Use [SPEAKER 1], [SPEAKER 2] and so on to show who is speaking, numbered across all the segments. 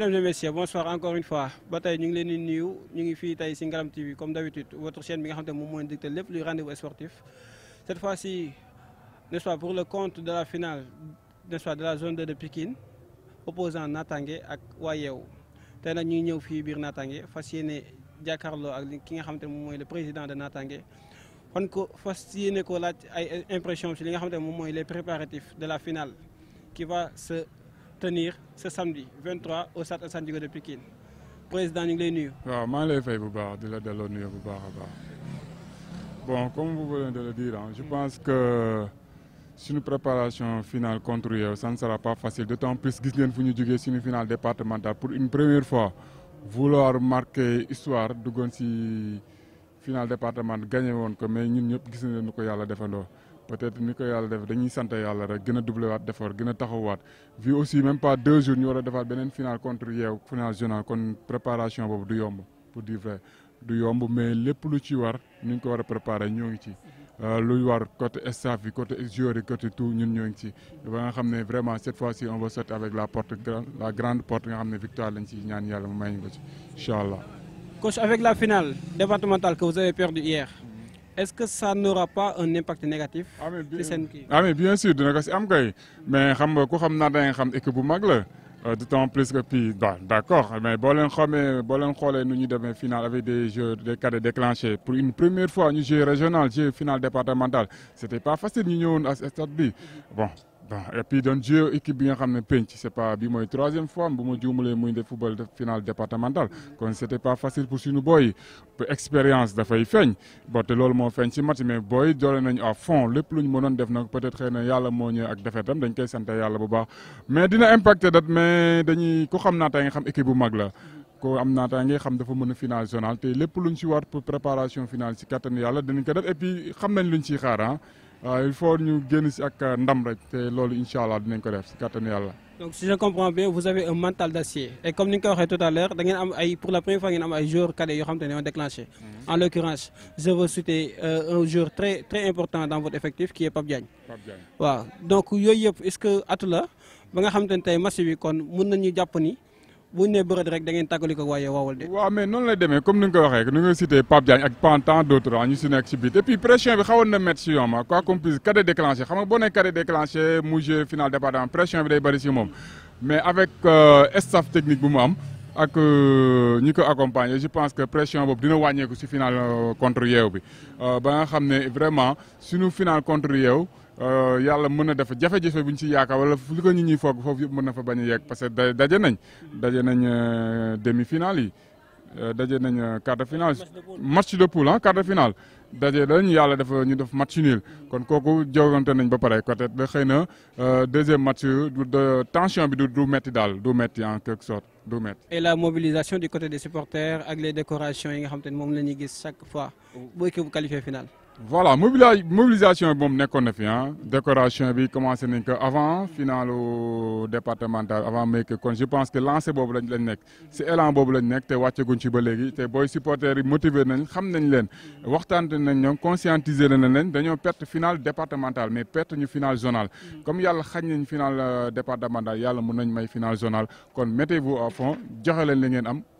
[SPEAKER 1] Mesdames et messieurs, bonsoir encore une fois. Bataille, nous sommes nous, nous sommes ici Singalam TV, comme d'habitude. Votre chaîne, nous le rendez-vous sportif. Cette fois-ci, ne soit pour le compte de la finale, ne soit de la zone de Pékin, opposant Natangé à Wayeo. Nous sommes venus ici à Natangé, fas yéene jàkkaarloo ak ki le président de Natangé. kon ko ko impression ci li nga les préparatifs de la finale qui va se tenir ce samedi 23 au stade Assane de Pékin. président ñu ngi lay nuyu.
[SPEAKER 2] la bon comme vous venez de le dire hein, je pense que si une préparation finale contre eux, ça ne sera pas facile d'autant plus que ngeen fu ñu semi finale départementale pour une première fois vouloir marquer histoire de la finale départementale gagner, mais nous avons gis nañu ko peut-être ni ko yàlla def dañuy santé yalla rek gëna a doublé waat defar gëna a taxawaat vu aussi même pas deux jours ñu wara a benen beneen final contre yew final zonal kon préparation bobu du yomb pour dire vrai du yomb mais lepp lu ci war ñu ko wara préparer préparé ñoo ngi ci euh, lu war côté staff yi côté joueur yi côté tout ñun ñoo ngi ci ba nga xamné vraiment cette fois-ci on va sortir avec la porte la grande porte nga xamné victoire lañ ci ñaan yalla mu may ñu ci inshallah
[SPEAKER 1] coach avec la finale départementale que vous avez perdu hier est-ce que ça n'aura pas un impact négatif ah mais
[SPEAKER 2] ah, bien sûr de ko mais xam nga ku xam naa da nga xam équipe bu mag la euh, d'autant plus que puis bah d'accord mais boo leen xamee boo leen xoolee nu ñuy demee finale avec des jeux des cadres déclenchés pour une première fois ñu jeu régional jeu finale départemental c'était pas facile ñu ñëwoon à stade bi bon bon et puis doon joué équipe bi nga xam ne c'est pas bi mooy troisième fois bu ma juumalee muy def football final départemental mm-hmm. kon c' était pas facile pour suñu booy expérience dafay feeñ bon te loolu moo feeñ ci match mais booy doole nañu à fond lépp lu ñu def nag peut être xëy yalla yàlla moo ñëw ak defetam dañ koy sant yàlla bu baax mais dina impacté dat mais dañuy ko xam naataay nga xam équipe bu mag la. ko am naata ngay xam dafa mën a final zonal te luñ ci war pour préparation finale ci kattan yalla, dinañ ko def et puis xam nañ luñ ciy xaar ah il faut ñu nous si ak ndam rek te loolu incha allah dinañ ko def
[SPEAKER 1] donc si je comprends bien vous avez un mental d'acier et comme ni l'avons ko tout à l'heure pour la première fois ngeen am ay jour qui yoo xam déclenché. Mm-hmm. en l'occurrence je veux citer euh, un jour très très important dans votre effectif qui est Pape Diagne. Pape Diagne donc est-ce que à tout ba nga xam te un tey match bi kon mun bu ñu nee bërët rek da ngeen tàggali ko waaye waawal de. waaw mais non
[SPEAKER 2] lay demee comme ni nga ko waxee ni nga cité Pape Diagne ak pendant tant d' autres ah, si nekk si biir et puis pression bi xawoon na métti si ñoom ah, quoi qu'on puisse cadet déclenché xam nga boo nee cadet déclenché mu jeu final département pression bi day bëri si moom. mais avec euh, staff technique bu mu am ak euh, ñi ko accompagner je pense que pression boobu dina wàññeeku si final euh, contre yeew bi ba nga xam ne vraiment suñu final contre yeew. Euh, yàlla mën na def jafé jafé buñ ci si wala li ko nit ñi fogg fofu yëp mën fa bañ a yegg parce que daje nañ daje nañ euh, demi finale yi euh, daje nañ quart de finale match de poule ah quart de finale daje lañ yalla dafa ñu def match nul kon koku jogonté nañ ba pare côté être da xëy deuxième match de tension bi du du metti dal du metti en quelque sorte du metti.
[SPEAKER 1] et la mobilisation du côté des supporters ak les décorations yi nga xam mom lañuy gis chaque fois oh. bu équipe bu qualifié finale
[SPEAKER 2] voilà mobilisation est bonne, nekkoon fi hein. décoration bi commencé avant ko avant finalu départemental avant mais que kon je pense que lancer boobu lañ nek. c'est élan élan boobu nek, té te guñ ci ba légui, te boy supporters motivé nañ xam nañ len, waxtaante nañ ñoom conscientiser nañ leen dañoo perte final départemental mais perte ñu final zonal mm. comme yalla xagn nañ final euh, départemental yalla mënañ may final zonal kon mettez-vous à fond joxe leen li ngeen am.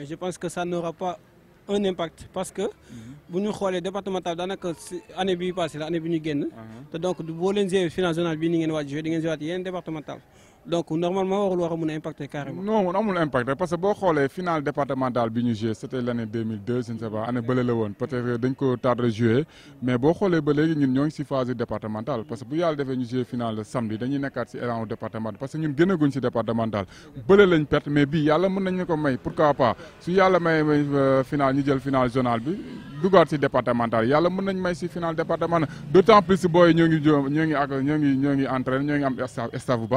[SPEAKER 1] mais je pense que ça n'aura pas un impact parce que mhm. bu nous xoolee départemental daanaka si année bii passée l'année année bi ñu génn mhm. te donc boo leen jouer finale zonale bii ni ngeen waaj di ngeen départemental donc normalement on war a mën a carrément.
[SPEAKER 2] non amul impacté parce que boo xoolee finale départementale bi ñu joué c' 2002 je ne sais pas année bële la woon peut être dañ ko tardé jouer. mais boo xoolee ba léegi ñun ñoo phase départementale parce que bu yàlla defee ñu joué finale samedi dañuy nekkaat de élan départemental parce que ñun génnaguñ si départemental bële lañ perte mais bii yàlla mën nañu ko may pourquoi pas Si yàlla may may euh, finale ñu jël finale zonale bi dugaat si départemental yàlla mën nañ may si finale départemental d' autant plus booy ñoo ngi ñoo ngi ak ñoo ngi ñoo entraîné ñoo am staff bu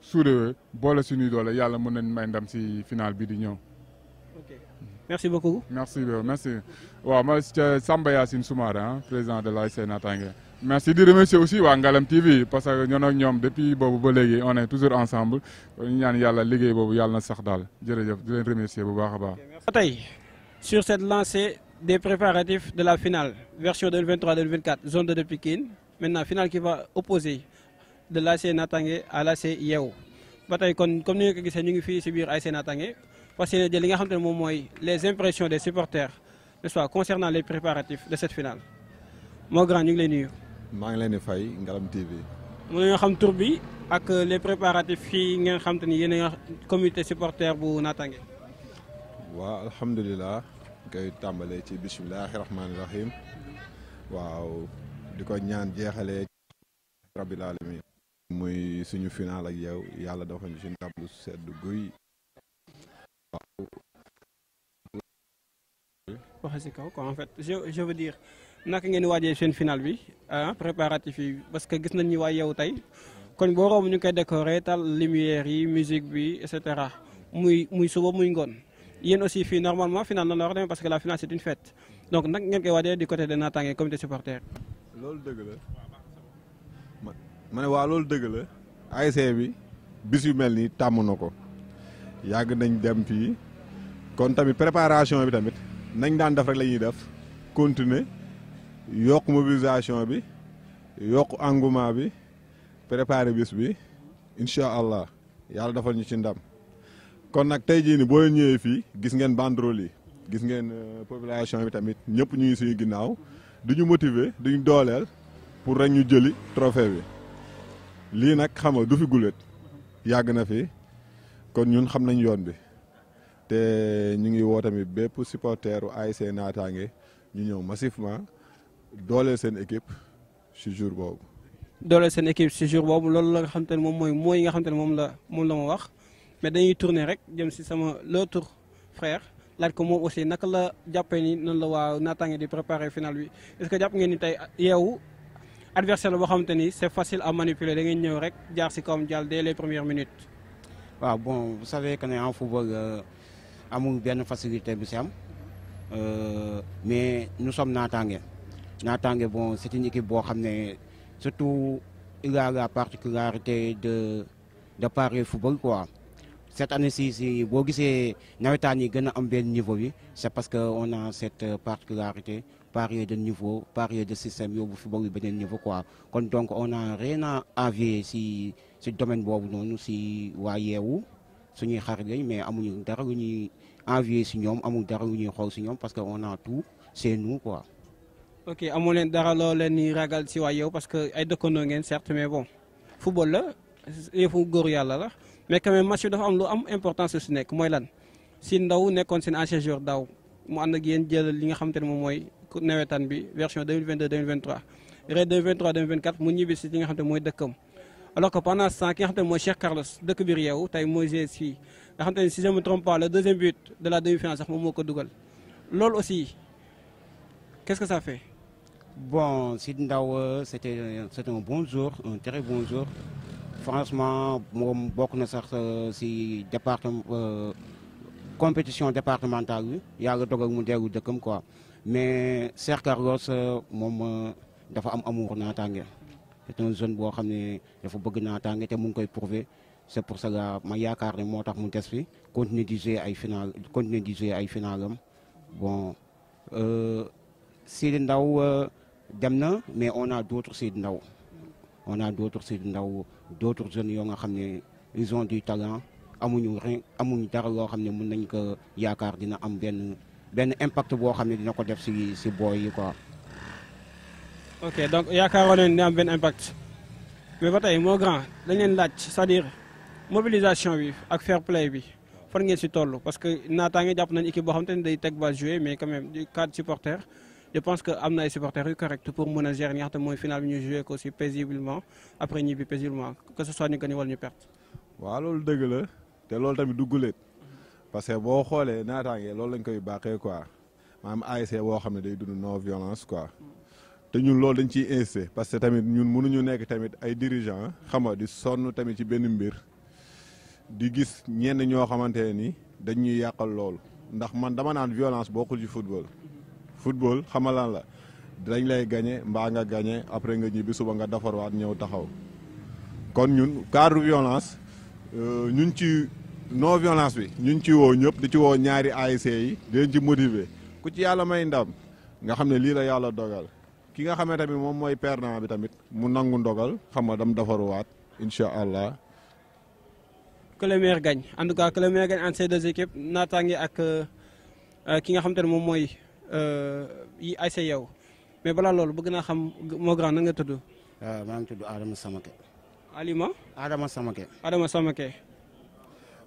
[SPEAKER 2] soudé boole suñuy doole yalla mën nañ may ndam si final bi di ñëw. ok merci beaucoup. merci beaucoup merci waaw ma Samba Yassine Soumaré hein président de l'ASC Natangué merci de remercier aussi wa Ngalam TV parce que ñoom ak ñom depuis bobu ba légui on est toujours ensemble ñu ñaan yalla liggéey bobu yalla na sax dal jërëjëf di leen remercier bu baax
[SPEAKER 1] sur cette lancée des préparatifs de la finale version 2023-2024 zone de Pékin. maintenant finale qui va opposer de l'ASC Natangé à l'ASC Yeewu ba tey kon comme ni nga ko gisee ñu ngi fii si biir parce que jël li nga xam les impressions des supporters n'est-ce pas concernant les préparatifs de cette finale
[SPEAKER 3] Mon grand ñu ngi lay nuyu. maa ngi leen di fay Ngalam TV.
[SPEAKER 1] mën nañoo xam à bi ak euh, les préparatifs yi ngeen xam te ni yéen a comité supporter bu Natangué.
[SPEAKER 3] waaw alhamdulilah koy tàmbalee ci bisimilahi rahim waaw di ko ñaan rabbil alamin muy suñu final ak yow yàlla dafa ñu ci ndam lu sedd guy waaw
[SPEAKER 1] waxe si kaw quoi en fait je je veux dire naka ngeen waajee seen final bi ah préparatif yi parce que gis nañ ñu waay yow tey kon boo romb ñu koy décorer tal lumière yi musique bi et cetera muy muy suba muy ngoon yéen aussi fii normalement final na la war a parce que la finale c'est une fête donc nag ngeen koy waajee du côté de naataange comité supporter
[SPEAKER 3] loolu dëgg la ma ne waa loolu dëgg la ASC bi bis yu mel nii tàmm na ko yàgg nañ dem fii kon tamit préparation bi tamit nañ daan def rek la def continuer yokk mobilisation bi yokk engouement bi préparer bis bi incha allah yàlla defal ñu ci ndam kon nag tey jii ni boo ñëwee fii gis ngeen banderole yi gis ngeen euh, population bi tamit ñëpp ñu si ginnaaw du ñu motiver du ñu dooleel pour rek ñu jëli trophée bi. li nak xam du fi guléet yag na fi kon ñun xam nañ yoon bi té ñu ngi woo tamit bépp supporteru ASC Natangé ñu ñëw massivement dolé sen équipe ci jour boobu.
[SPEAKER 1] dolé sen équipe ci jour boobu loolu la nga xam te ne moom mooy nga xam te ne la moom la ma wax mais dañuy tourner rek jëm ci sama l'autre frère laaj ko moom aussi naka la jàppee ni nan la waa naataange di préparer final bi est-ce que jàpp ngeen ni tey yeewu adversaire c'est facile à manipuler da ngay ñëw rek jaar ci dès les premières minutes.
[SPEAKER 4] bon vous savez qu'on est en football euh, amul bien facilité bu euh, mais nous sommes dans naataange bon c'est une équipe bo surtout il a la particularité de de football cette année-ci si vous avez un a niveau c'est parce qu'on a cette particularité par de niveau par yooyu de système yóbbu football bi beneen niveau quoi donc on a rien à envier si ce domaine boobu nous si waa yeewu suñuy xarit lañ mais amuñu dara lu ñuy envier si ñoom amul dara lu ñuy xool si ñoom parce que on a tout c'est nous quoi.
[SPEAKER 1] ok amoo leen dara loo leen di ragal si waa yow parce que ay dëkkandoo ngeen certes mais bon football la yëfu góor yàlla la mais quand même match dafa am lu am importance su nekk mooy lan si ndaw nekkoon seen ancien joueur daaw mu ànd ak yéen jël li nga xam te ne moom bi version 2022 2023 ré 2023 2024 mu ñibbi si li nga xam te dëkkam alors que pendant ça ans, ki nga xam Cheikh Carlos dëkk biir tu tay moy GS fii nga xam ne si je me trompe pas le deuxième but de la demi-finale sax mom moko ko dugal loolu aussi
[SPEAKER 4] qu'est-ce que ça fait Bon, Sid Ndaw, euh, c'était un bon jour, un très bon jour. Franchement, beaucoup de na sax euh, si département euh, compétition départementale bi yàlla dogal mu dellu dëkkam quoi mais Cheikh Cargos euh, moom euh, dafa am amour naataange c'est un jeune boo xam ne dafa bëgg tangue te mu ngi koy prouver c'est pour ça ma yaakaar ne moo tax mu des fi continuer di jouer ay final continuer di jouer ay finalam bon euh, Sidi Ndaw dem na mais on a d'autres Sidi Ndaw on a d'autres Sidi Ndaw d'autres jeunes yoo nga xam ils ont du talent amuñu rien amuñu dara loo xam ne mën nañ ko yaakaar dina am benn ben impact bo xam dina ko def ci ci boy yi quoi.
[SPEAKER 1] ok donc yaakaaroon ni am ben impact mais batay mo grand dañ len lacc c'est-à-dire mobilisation bi ak fair play bi fon ngeen ci toll parce que naataange japp nañ équipe bo xam te ne day teg ba jouer mais quand même du cadre supporter je pense que amna na ay supporters correct pour mon a gérer ñaxte mooy final ñu jouer ko aussi paisiblement après bi paisiblement que ce soit ni gagné wala ñu perte.
[SPEAKER 3] wa loolu deug la té loolu tamit du guléet parce que boo xoolee naataange loolu lañ koy baaxee quoi maanaam ASC boo xam ne day dund non violence quoi te ñun loolu dañ ciy insisté parce que tamit ñun mënuñu nekk tamit ay dirigeant xam nga di sonn tamit ci benn mbir di gis ñenn ñoo xamante ne ni dañ ñuy yàqal loolu ndax man dama naan violence bokkul ci football. football xama lan la dañ lay gagné mbaa nga gagné après nga ñibbi suba nga defarwaat ñëw taxaw kon ñun cadre violence euh, ñun ci. non violence bi ñu ngi ci woo ñëpp di ci woo ñaari ASC yi di leen ci motiver ku ci yàlla may ndam nga xam ne lii la yàlla dogal ki nga xam ne tamit moom mooy perdant bi tamit mu nangu dogal xam nga dam dafaruwaat incha allah.
[SPEAKER 1] que en tout cas que le meilleur gagne entre ces deux équipes naataange ak euh, ki nga xam te ne moom mooy yi euh, ASC yow mais balaa loolu bëgg naa xam moo grand na nga tudd. waaw euh, maa ngi tudd Adama Samake. Alima. Adama Samake. Adama Samake.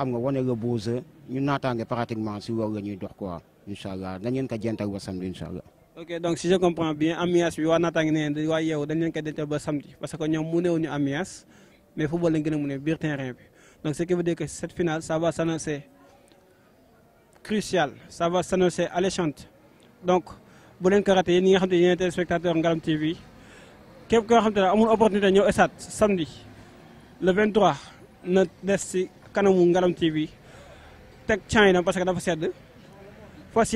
[SPEAKER 4] xam nga wane le beau ñu naataange pratiquement si loolu la ñuy dox quoi inshallah allah dañ leen ko jental ba samedi inshallah
[SPEAKER 1] ok donc si je comprends bien ambiance bi wa naataange nee nañ yow dañ leen ko jental ba samedi parce que ñom mu néew ñu ambiance mais football lañ gën mu ne biir terrain bi donc ce qui veut dire que cette finale ça va s'annoncer crucial ça va s'annoncer alléchante donc bu leen ko raté ñi nga xam te ne yéen téléspectateur Ngalam TV képp koo xam ne amul opportunité ñëw stade samedi le 23 na des si kanamu Ngalam TV tek China parce que dafa sedd fas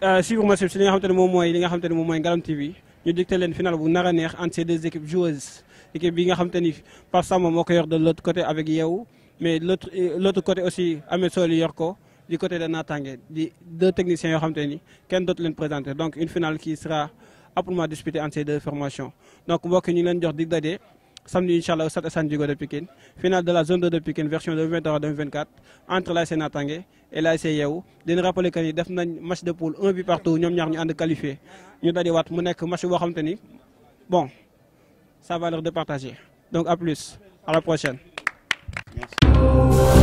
[SPEAKER 1] euh suivre match bi si li nga xamante ne moom mooy li nga xamante ne moom Ngalam TV ñu dicté len final bu nara neex entre ces deux équipes joueuses équipe bi nga xamante ni Pape Samba moo ko yor de l'autre côté avec Yeewu mais l'autre euh, l'autre côté aussi Ahmed Soli yor ko du côté de Natangué di deux techniciens yoo xamante ni kenn dootu leen présenter donc une finale qui sera moi disputée entre ces deux formations donc mbokk ñu leen jox dig daje samedi inchallah au stade Assane Diogo de Pékin. finale de la zone 2 de Pékin, version de 20 2024 entre la Sénatangue et la Yeewu les rappeler que ni fait un match de poule un but partout ñoom ñaar ñu qualifié ñu dajewaat mu un match de xam bon ça va de partager. donc à plus à la prochaine Merci.